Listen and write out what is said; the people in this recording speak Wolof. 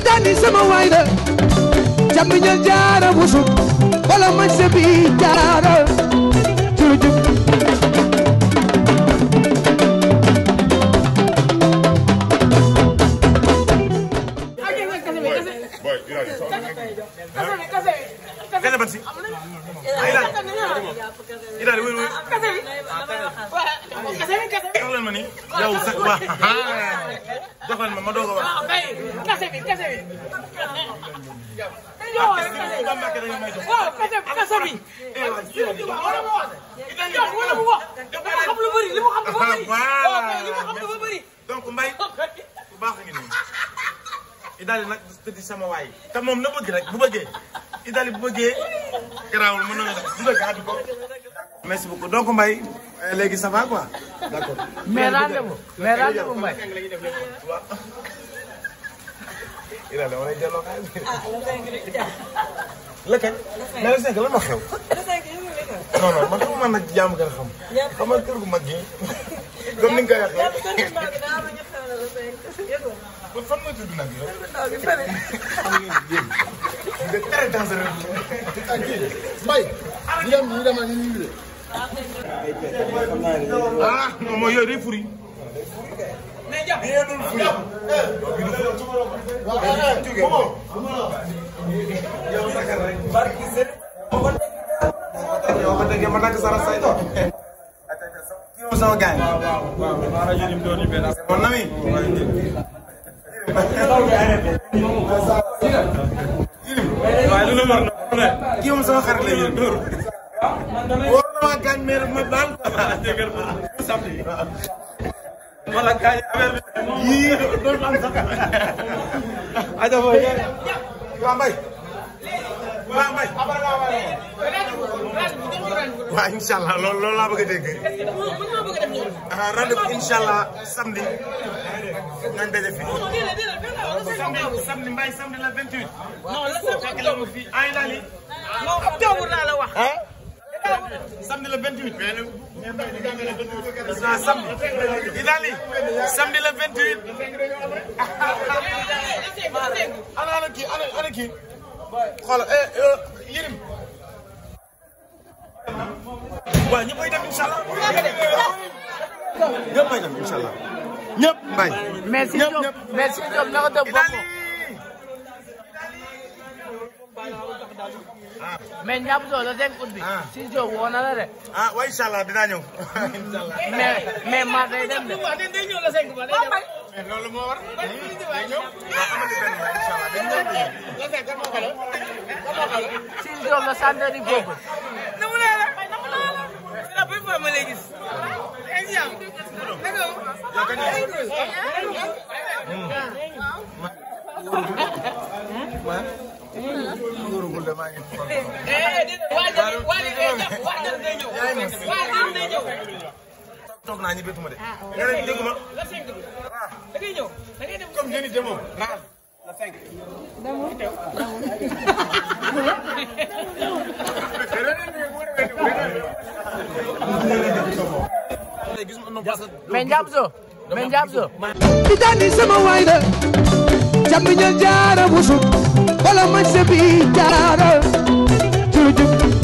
Mauritanie sama waay la jàmm ñal jaara busuk wala man se bi jaara jurujub yow sax waa joxal ma ma doog a wax kese bi. waaw kese kese bi. yow wala mu wax dafa xam lu bëri li mu xam dafa bëri. waaw li mu xam dafa bëri. donc Mbaye bu baax a ngi nii. Idali nag tëddi sama waay te moom na bëgg rek bu bëggee Idali bu bëggee garaawul mën na def bu bëgg ko. merci beaucoup donc Mbaye euh, léegi ça va quoi d'accord. mais rendez-vous mais rendez-vous Mbaye. Ida dama lay delloo xaalis bi. ah la cinq rek jàpp. la kañ. la cinq lan ma xew. la cinq yow la kañ. non non man xam nga nag jàmm gën a xam. jàpp xam nga kër gu mag gi. comme ni nga koy waxee. jàpp kër gu mag gi daa am ñu xew la la cinq. yëgul kon fan nga tudd nag yow. kër gu ndaw bi fële. xam nga yéen. nga très dangereux. ak kii Mbaye. ñu dem ñu demal ñu ñu de. ah non mooy yooyu day furi. mais jàpp. ma Malah kayak apa? Iya, betul kan? waaw incha allah loolu loolu laa bëgg a dégg. ah rendez-vous incha allah samedi. nañ daje fii. samedi samedi mbay samedi la 28. non la samedi octobre laa la wax. samedi le 28. ah samedi. di daal di samedi le 28. ana ana kii ana ana kii xoolal eh, eh, Yérim waaw ñëpp ay dem incha allah. ñëpp ay dem incha allah. ñëpp mbay. merci Diop merci Diop naka dem boppam. mais ñaab soo la cinq août bi. Ah. si Diop woo na la de. ah waaye incha allah dinaa ñëw. incha allah mais mais maa day dem de. mais eh, loolu moo war. si Diop la centre di boobu. wóorugul de maa ngi xool. waajal waajal waajal day ñëw. waajal day ñëw. toog naa ñu bëtuma de. nga ne dégguma. la cinq bi waaw. da ngay ñëw da ngay dem. comme yéen i demoo naa la cinq. demoo demoo. mais Ndiabso mais Ndiabso. di daal di sama waay la. càmmiñal jaara busum wala mañ sa bi jaara jurujum